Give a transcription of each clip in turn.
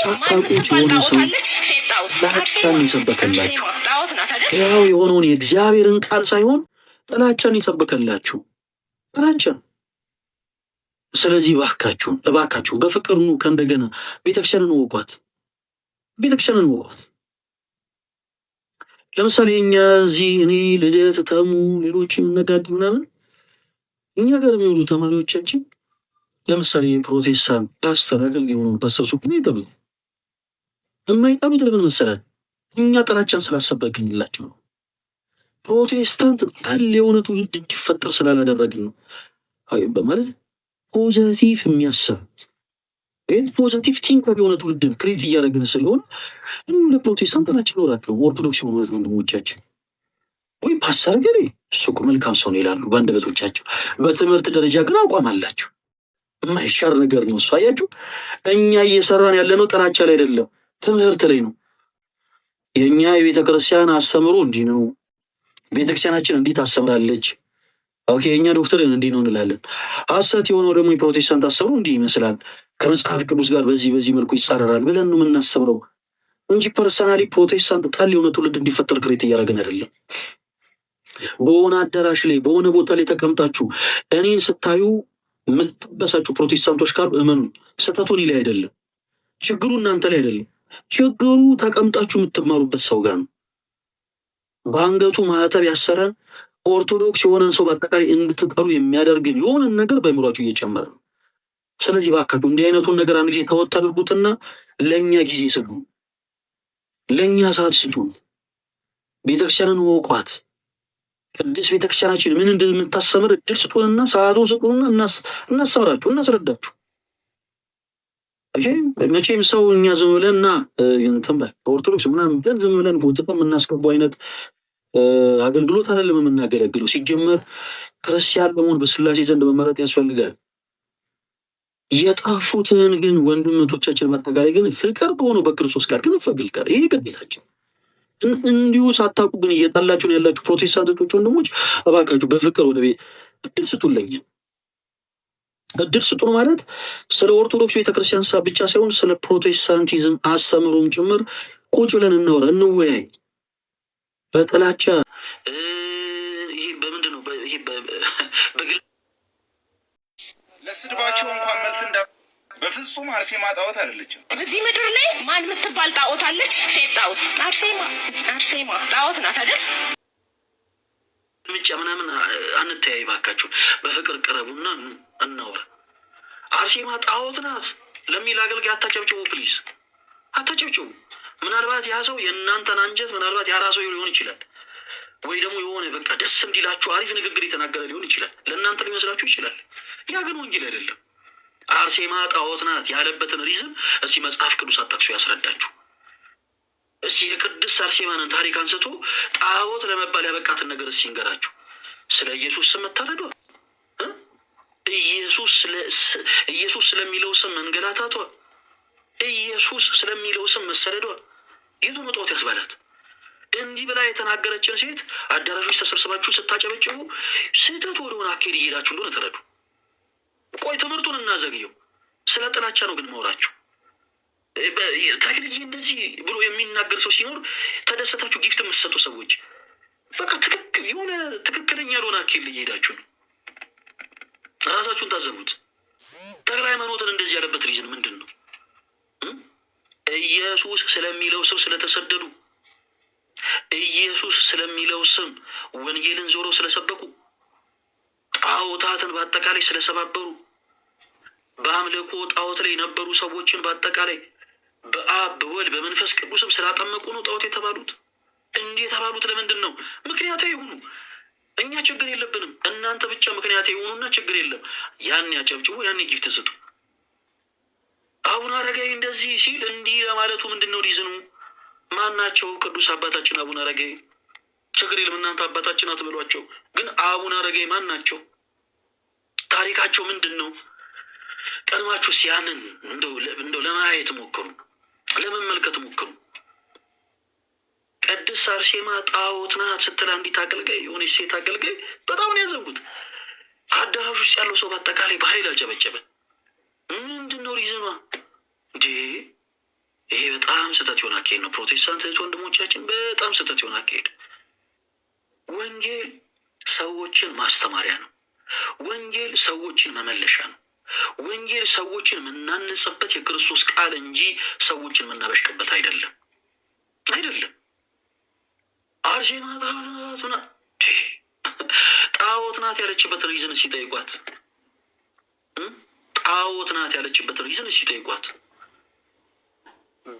ሳታቁት የሆነ ሰው ጥላቻን ይሰበከላችሁ። ያው የሆነውን የእግዚአብሔርን ቃል ሳይሆን ጥላቻን ይሰበከላችሁ፣ ጥላቻን። ስለዚህ እባካችሁ እባካችሁን በፍቅር ኑ። ከእንደገና ቤተክርስቲያንን ወቋት፣ ቤተክርስቲያንን ወቋት። ለምሳሌ እኛ እዚህ እኔ ልደት ተሙ፣ ሌሎች የምነጋድ ምናምን እኛ ጋር የሚውሉ ተማሪዎቻችን ለምሳሌ ፕሮቴስታንት ፓስተር አገልግ የሆኑ ፓስተር ሱኩን ይጠብቁ የማይጠሉት ለምን መሰለህ? እኛ ጥላቻን ስላሰበክንላቸው ነው። ፕሮቴስታንት ታል የሆነ ትውልድ እንዲፈጠር ስላላደረግን ነው በማለት ፖዘቲቭ የሚያስብ ይህን ፖዘቲቭ ቲንከር የሆነ ትውልድን ክሬት እያደረግን ስለሆነ እኑ ለፕሮቴስታንት ጥላችን ይኖራቸው ኦርቶዶክስ የሆኑ ወንድሞቻችን ወይ ፓስተር ገሬ እሱ እኮ መልካም ሰው ነው ይላሉ በአንደበቶቻቸው። በትምህርት ደረጃ ግን አቋም አላቸው። የማይሻር ነገር ነው እሱ። አያችሁ፣ እኛ እየሰራን ያለነው ጥላቻ ላይ አይደለም። ትምህርት ላይ ነው። የእኛ የቤተ ክርስቲያን አስተምሮ እንዲህ ነው፣ ቤተ ክርስቲያናችን እንዲህ ታስተምራለች። ኦኬ የእኛ ዶክትሪን እንዲህ ነው እንላለን። ሐሰት የሆነው ደግሞ የፕሮቴስታንት አስተምሮ እንዲህ ይመስላል፣ ከመጽሐፍ ቅዱስ ጋር በዚህ በዚህ መልኩ ይጻረራል ብለን ነው የምናስተምረው እንጂ ፐርሰናሊ ፕሮቴስታንት ጠል የሆነ ትውልድ እንዲፈጠር ክሬት እያደረግን አይደለም። በሆነ አዳራሽ ላይ በሆነ ቦታ ላይ ተቀምጣችሁ እኔን ስታዩ የምትበሳችሁ ፕሮቴስታንቶች ጋር እመኑ፣ ስህተቱ እኔ ላይ አይደለም፣ ችግሩ እናንተ ላይ አይደለም። ችግሩ ተቀምጣችሁ የምትማሩበት ሰው ጋር ነው። በአንገቱ ማህተብ ያሰረን ኦርቶዶክስ የሆነን ሰው በአጠቃላይ እንድትጠሩ የሚያደርግን የሆነን ነገር በአእምሯችሁ እየጨመረ ነው። ስለዚህ እባካችሁ እንዲህ አይነቱን ነገር አንድ ጊዜ ተወት አድርጉትና ለእኛ ጊዜ ስጡ፣ ለእኛ ሰዓት ስጡ። ቤተክርስቲያንን ወቋት። ቅድስት ቤተክርስቲያናችን ምን እንደምታስተምር እድል ስጡንና ሰዓቱን ስጡንና እናስተምራችሁ፣ እናስረዳችሁ። መቼም ሰው እኛ ዝም ብለንና እንትን በኦርቶዶክስ ምናምን ዝም ብለን ቁጥጥ የምናስገቡ አይነት አገልግሎት አይደለም የምናገለግለው። ሲጀመር ክርስቲያን በመሆን በስላሴ ዘንድ መመረጥ ያስፈልጋል። የጠፉትን ግን ወንድም ወንድምቶቻችን በአጠቃላይ ግን ፍቅር በሆኑ በክርስቶስ ጋር ግን ፈግል ጋር ይሄ ግዴታችን እንዲሁ ሳታውቁ ግን እየጠላችሁን ያላችሁ ፕሮቴስታንቶች ወንድሞች፣ እባካችሁ በፍቅር ወደ ቤት እድል ስጡልኝ። ድርስ ጥሩ ማለት ስለ ኦርቶዶክስ ቤተክርስቲያን ሳ ብቻ ሳይሆን ስለ ፕሮቴስታንቲዝም አስተምሮም ጭምር ቁጭ ብለን እናወራ፣ እንወያይ። በጥላቻ በምንድን ነው ለስድባቸው እንኳን መልስ እንዳ በፍጹም አርሴማ ጣዖት አይደለችም። እዚህ ምድር ላይ ማን የምትባል ጣዖት አለች? ሴት ጣዖት አርሴማ አርሴማ ጣዖት ናት አይደል? ምናምን አንተያይ ባካችሁ፣ በፍቅር ቅረቡና እናውራ። አርሴማ ጣዖት ናት ለሚል አገልጋይ አታጨብጭቡ፣ ፕሊዝ አታጨብጭቡ። ምናልባት ያ ሰው የእናንተን አንጀት ምናልባት ያራ ሰው ሊሆን ይችላል ወይ ደግሞ የሆነ በቃ ደስ እንዲላችሁ አሪፍ ንግግር የተናገረ ሊሆን ይችላል። ለእናንተ ሊመስላችሁ ይችላል። ያ ግን ወንጌል አይደለም። አርሴማ ጣዖት ናት ያለበትን ሪዝም እስቲ መጽሐፍ ቅዱስ አጣቅሶ ያስረዳችሁ። እስቲ የቅድስት አርሴማንን ታሪክ አንስቶ ጣዖት ለመባል ያበቃትን ነገር እስቲ ይንገራችሁ። ስለ ኢየሱስ ስም መታረዷ፣ ኢየሱስ ስለሚለው ስም መንገላታቷ፣ ኢየሱስ ስለሚለው ስም መሰደዷ ይዙ መጣወት ያስባላት። እንዲህ ብላ የተናገረችን ሴት አዳራሾች ተሰብስባችሁ ስታጨበጭቡ ስህተት ወደሆነ አካሄድ እየሄዳችሁ እንደሆነ ተረዱ። ቆይ ትምህርቱን እናዘግየው። ስለ ጥላቻ ነው ግን ማውራችሁ። ተክልዬ እንደዚህ ብሎ የሚናገር ሰው ሲኖር ተደሰታችሁ ጊፍት የምትሰጡ ሰዎች በቃ ትክክል የሆነ ትክክለኛ ያልሆነ አካሄድ እየሄዳችሁ ነው። ራሳችሁን ታዘቡት። ጠቅላይ ሃይማኖትን እንደዚህ ያለበት ሪዝን ምንድን ነው? ኢየሱስ ስለሚለው ስም ስለተሰደዱ፣ ኢየሱስ ስለሚለው ስም ወንጌልን ዞሮ ስለሰበኩ፣ ጣዖታትን በአጠቃላይ ስለሰባበሩ፣ በአምልኮ ጣዖት ላይ የነበሩ ሰዎችን በአጠቃላይ በአብ በወልድ በመንፈስ ቅዱስም ስላጠመቁ ነው ጣዖት የተባሉት። እንዲህ የተባሉት ለምንድን ነው? ምክንያት ይሁኑ። እኛ ችግር የለብንም። እናንተ ብቻ ምክንያት የሆኑና ችግር የለም። ያን ያጨብጭቡ፣ ያን ጊፍት ስጡ። አቡነ አረጋዊ እንደዚህ ሲል እንዲህ ለማለቱ ምንድን ነው ሪዝኑ? ማናቸው? ቅዱስ አባታችን አቡነ አረጋዊ ችግር የለም እናንተ አባታችን አትበሏቸው። ግን አቡነ አረጋዊ ማን ናቸው? ታሪካቸው ምንድን ነው? ቀድማችሁ ሲያንን እንደው ለማየት ሞክሩ፣ ለመመልከት ሞክሩ። ቅድስት አርሴማ ጣዖት ናት ስትል አንዲት አገልጋይ የሆነች ሴት አገልጋይ በጣም ነው አዳራሽ ውስጥ ያለው ሰው በአጠቃላይ በኃይል አልጨበጨበ። ምንድን ነው ሪዝኗ? እንዴ ይሄ በጣም ስህተት የሆነ አካሄድ ነው። ፕሮቴስታንት እህት ወንድሞቻችን በጣም ስህተት የሆነ አካሄድ። ወንጌል ሰዎችን ማስተማሪያ ነው። ወንጌል ሰዎችን መመለሻ ነው። ወንጌል ሰዎችን የምናነጽበት የክርስቶስ ቃል እንጂ ሰዎችን የምናበሽቅበት አይደለም አይደለም። አርሴማ ናት ጣዖት ናት ያለችበት ሪዝን ሲጠይቋት ጣዖት ናት ያለችበት ሪዝን ሲጠይቋት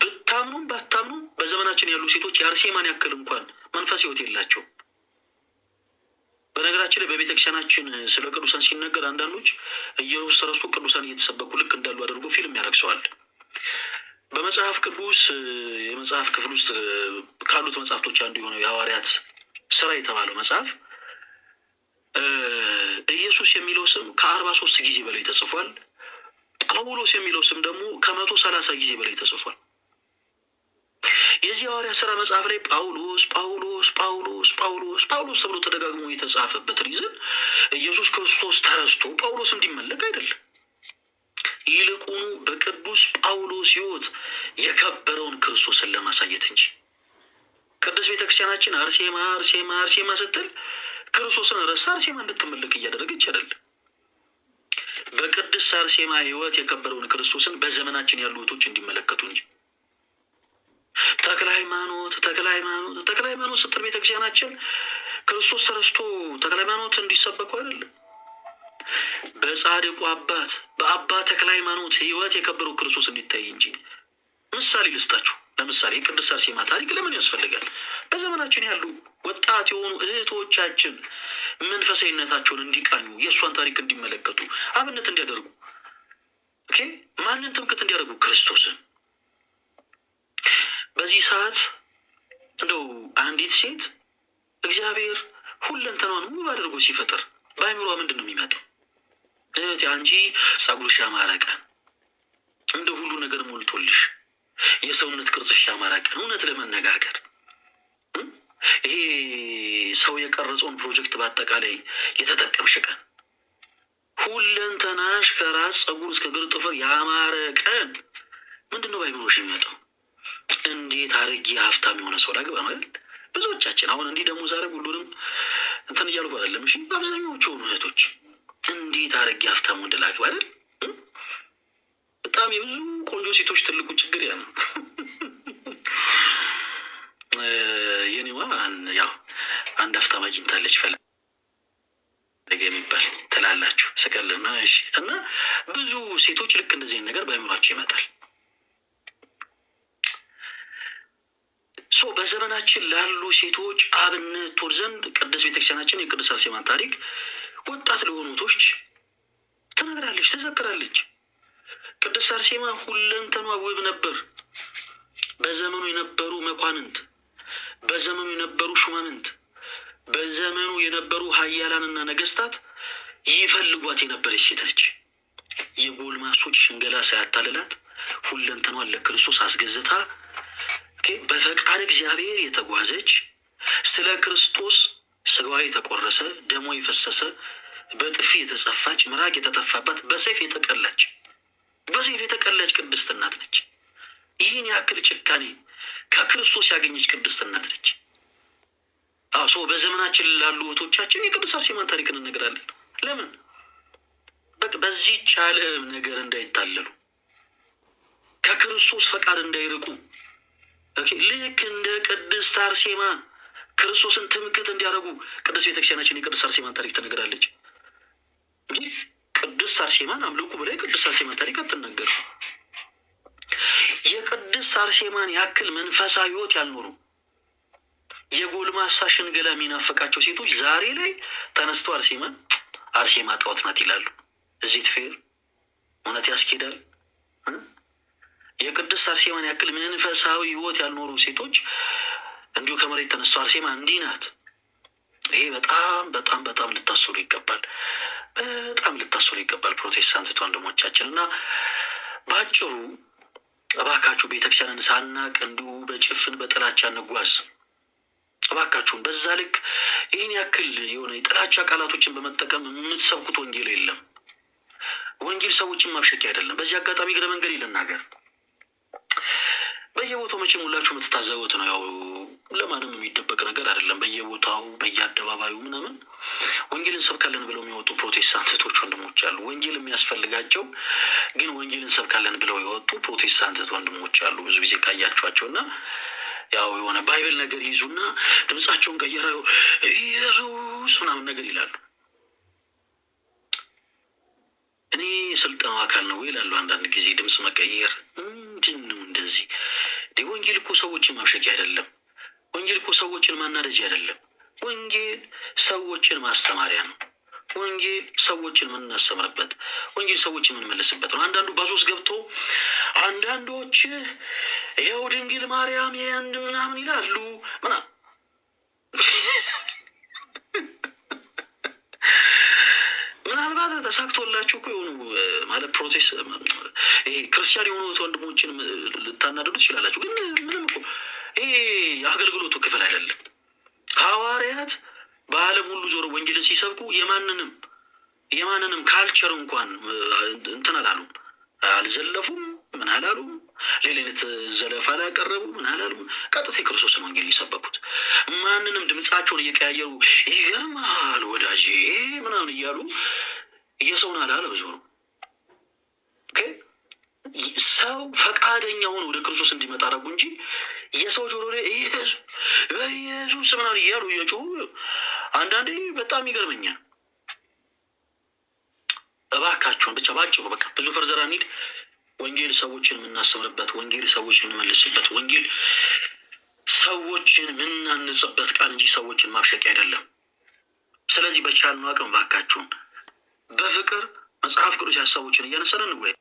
ብታምኑም ባታምኑም በዘመናችን ያሉ ሴቶች የአርሴማን ያክል እንኳን መንፈስ ህይወት የላቸው። በነገራችን ላይ በቤተክርስቲያናችን ስለ ቅዱሳን ሲነገር አንዳንዶች እየረሱ ቅዱሳን እየተሰበኩ ልክ እንዳሉ አድርጎ ፊልም ያረግሰዋል። በመጽሐፍ ቅዱስ የመጽሐፍ ክፍል ውስጥ ካሉት መጽሐፍቶች አንዱ የሆነው የሐዋርያት ስራ የተባለው መጽሐፍ ኢየሱስ የሚለው ስም ከአርባ ሶስት ጊዜ በላይ ተጽፏል። ጳውሎስ የሚለው ስም ደግሞ ከመቶ ሰላሳ ጊዜ በላይ ተጽፏል። የዚህ ሐዋርያት ስራ መጽሐፍ ላይ ጳውሎስ ጳውሎስ ጳውሎስ ጳውሎስ ጳውሎስ ተብሎ ተደጋግሞ የተጻፈበት ሪዝን ኢየሱስ ክርስቶስ ተረስቶ ጳውሎስ እንዲመለክ አይደለም። ይልቁኑ በቅዱስ ጳውሎስ ሕይወት የከበረውን ክርስቶስን ለማሳየት እንጂ ቅዱስ ቤተ ክርስቲያናችን አርሴማ አርሴማ አርሴማ ስትል ክርስቶስን ረሳ አርሴማ እንድትመልክ እያደረገች አይደለም። በቅድስት አርሴማ ሕይወት የከበረውን ክርስቶስን በዘመናችን ያሉ እህቶች እንዲመለከቱ እንጂ ተክለ ሃይማኖት ተክለ ሃይማኖት ተክለ ሃይማኖት ስትል ቤተክርስቲያናችን ክርስቶስ ተረስቶ ተክለ ሃይማኖት እንዲሰበኩ አይደለም። በጻድቁ አባት በአባ ተክለ ሃይማኖት የከበሩ ክርስቶስ እንዲታይ እንጂ። ምሳሌ ልስጣችሁ። ለምሳሌ ቅድስት አርሴማ ታሪክ ለምን ያስፈልጋል? በዘመናችን ያሉ ወጣት የሆኑ እህቶቻችን መንፈሳዊነታቸውን እንዲቃኙ፣ የእሷን ታሪክ እንዲመለከቱ፣ አብነት እንዲያደርጉ፣ ማንን ትምክት እንዲያደርጉ ክርስቶስን በዚህ ሰዓት እንደው አንዲት ሴት እግዚአብሔር ሁለንተናዋን ውብ አድርጎ ሲፈጥር በአይምሯ ምንድን ነው የሚመጣው? እህቴ አንቺ ጸጉርሽ ያማረ ቀን እንደ ሁሉ ነገር ሞልቶልሽ የሰውነት ቅርጽሽ ያማረ ቀን እውነት ለመነጋገር ይሄ ሰው የቀረጸውን ፕሮጀክት በአጠቃላይ የተጠቀምሽ ቀን ሁለንተናሽ ከራስ ጸጉር እስከ ግር ጥፍር ያማረ ቀን ምንድን ነው ባይኖሮሽ የሚመጣው? እንዴት አድርጌ ሀብታም የሆነ ሰው ላግባ ነው ብዙዎቻችን አሁን እንዲህ ደግሞ ዛሬ ሁሉንም እንትን እያልኩ አይደለም። እሺ አብዛኛዎቹ ሆኑ ተመልከቱ አይደል? በጣም የብዙ ቆንጆ ሴቶች ትልቁ ችግር ያ ነው። የኔዋ ያው አንድ ሀፍታም አግኝታለች ፈለ የሚባል ትላላችሁ ስቀልና እሺ። እና ብዙ ሴቶች ልክ እንደዚህ ነገር በአእምሯቸው ይመጣል። ሶ በዘመናችን ላሉ ሴቶች አብነት ቶር ዘንድ ቅድስት ቤተክርስቲያናችን የቅድስት አርሴማን ታሪክ ወጣት ለሆኑቶች ትዘምራለች፣ ትዘክራለች። ቅድስት አርሴማ ሁለንተኗ ውብ ነበር። በዘመኑ የነበሩ መኳንንት፣ በዘመኑ የነበሩ ሹማምንት፣ በዘመኑ የነበሩ ሀያላንና ነገስታት ይፈልጓት የነበረች ሴት ነች። የጎልማሶች ሽንገላ ሳያታልላት ሁለንተኗን ለክርስቶስ አስገዝታ በፈቃድ እግዚአብሔር የተጓዘች ስለ ክርስቶስ ስጋዋ የተቆረሰ ደሞ የፈሰሰ በጥፊ የተጸፋች ምራቅ የተጠፋባት በሰይፍ የተቀላች በሰይፍ የተቀላች ቅድስት እናት ነች። ይህን ያክል ጭካኔ ከክርስቶስ ያገኘች ቅድስት እናት ነች። አሶ በዘመናችን ላሉ እህቶቻችን የቅድስት አርሴማን ታሪክን እንነግራለን። ለምን በዚህ ቻለ ነገር እንዳይታለሉ ከክርስቶስ ፈቃድ እንዳይርቁ ልክ እንደ ቅድስት አርሴማ ክርስቶስን ትምክት እንዲያደርጉ ቅድስት ቤተክርስቲያናችን የቅድስት አርሴማን ታሪክ ትነግራለች። እንጂ ቅድስት አርሴማን አምልኩ ብላ የቅድስት አርሴማን ታሪክ አትናገር። የቅድስት አርሴማን ያክል መንፈሳዊ ሕይወት ያልኖሩ የጎልማሳ ሽንገላ የሚናፈቃቸው ሴቶች ዛሬ ላይ ተነስተው አርሴማን አርሴማ ጣዖት ናት ይላሉ። እዚህ ትፌር እውነት ያስኬዳል። የቅድስት አርሴማን ያክል መንፈሳዊ ሕይወት ያልኖሩ ሴቶች እንዲሁ ከመሬት ተነስቶ አርሴማ እንዲህ ናት። ይሄ በጣም በጣም በጣም ልታስሩ ይገባል። በጣም ልታስሩ ይገባል ፕሮቴስታንት ወንድሞቻችን እና በአጭሩ እባካችሁ ቤተክርስቲያንን ሳናቅ እንዲሁ በጭፍን በጥላቻ እንጓዝ እባካችሁን። በዛ ልክ ይህን ያክል የሆነ የጥላቻ ቃላቶችን በመጠቀም የምትሰብኩት ወንጌል የለም። ወንጌል ሰዎችን ማብሸቂያ አይደለም። በዚህ አጋጣሚ እግረ መንገድ ይልናገር በየቦታው መቼም ሁላችሁ የምትታዘቡት ነው። ያው ለማንም የሚደበቅ ነገር አይደለም። በየቦታው በየአደባባዩ ምናምን ወንጌል እንሰብካለን ብለው የሚወጡ ፕሮቴስታንት እህቶች ወንድሞች አሉ። ወንጌል የሚያስፈልጋቸው ግን ወንጌል እንሰብካለን ብለው የወጡ ፕሮቴስታንት እህት ወንድሞች አሉ። ብዙ ጊዜ ካያችኋቸው እና ያው የሆነ ባይብል ነገር ይዙና ድምጻቸውን ቀየረው ኢየሱስ ምናምን ነገር ይላሉ። እኔ የስልጠናው አካል ነው ይላሉ። አንዳንድ ጊዜ ድምፅ መቀየር ምንድን ነው እንዲህ ወንጌል እኮ ሰዎችን ማብሸቂያ አይደለም። ወንጌል እኮ ሰዎችን ማናደጃ አይደለም። ወንጌል ሰዎችን ማስተማሪያ ነው። ወንጌል ሰዎችን የምናስተምርበት፣ ወንጌል ሰዎችን የምንመልስበት ነው። አንዳንዱ በሱስ ገብቶ አንዳንዶች ይኸው ድንግል ማርያም ምናምን ይላሉ ምናምን ተሳክቶላችሁ እኮ የሆኑ ማለት ፕሮቴስ ይሄ ክርስቲያን የሆኑ ወንድሞችን ልታናደዱ ትችላላችሁ። ግን ምንም እኮ ይሄ አገልግሎቱ ክፍል አይደለም። ሐዋርያት በዓለም ሁሉ ዞሮ ወንጌልን ሲሰብኩ የማንንም የማንንም ካልቸር እንኳን እንትን አላሉም፣ አልዘለፉም፣ ምን አላሉም። ሌላ አይነት ዘለፋ ያቀረቡ ምን አላሉም። ቀጥታ የክርስቶስን ወንጌል የሰበኩት ማንንም ድምፃቸውን እየቀያየሩ ይገርማል ወዳጄ ምናምን እያሉ የሰው ናዳ ብዙ ነው። ሰው ፈቃደኛውን ወደ ክርስቶስ እንዲመጣ አደረጉ እንጂ የሰው ጆሮ ላይ ኢየሱስ በኢየሱስ ምናምን እያሉ እየጮሁ አንዳንዴ በጣም ይገርመኛል። እባካችሁን ብቻ ባጭሩ በቃ ብዙ ፈርዘራ እንሂድ። ወንጌል ሰዎችን የምናስተምርበት፣ ወንጌል ሰዎችን የምንመልስበት፣ ወንጌል ሰዎችን የምናንጽበት ቃል እንጂ ሰዎችን ማብሸቂያ አይደለም። ስለዚህ በቻልነው አቅም እባካችሁን በፍቅር መጽሐፍ ቅዱስ ሀሳቦችን እያነሳን እንወያይ።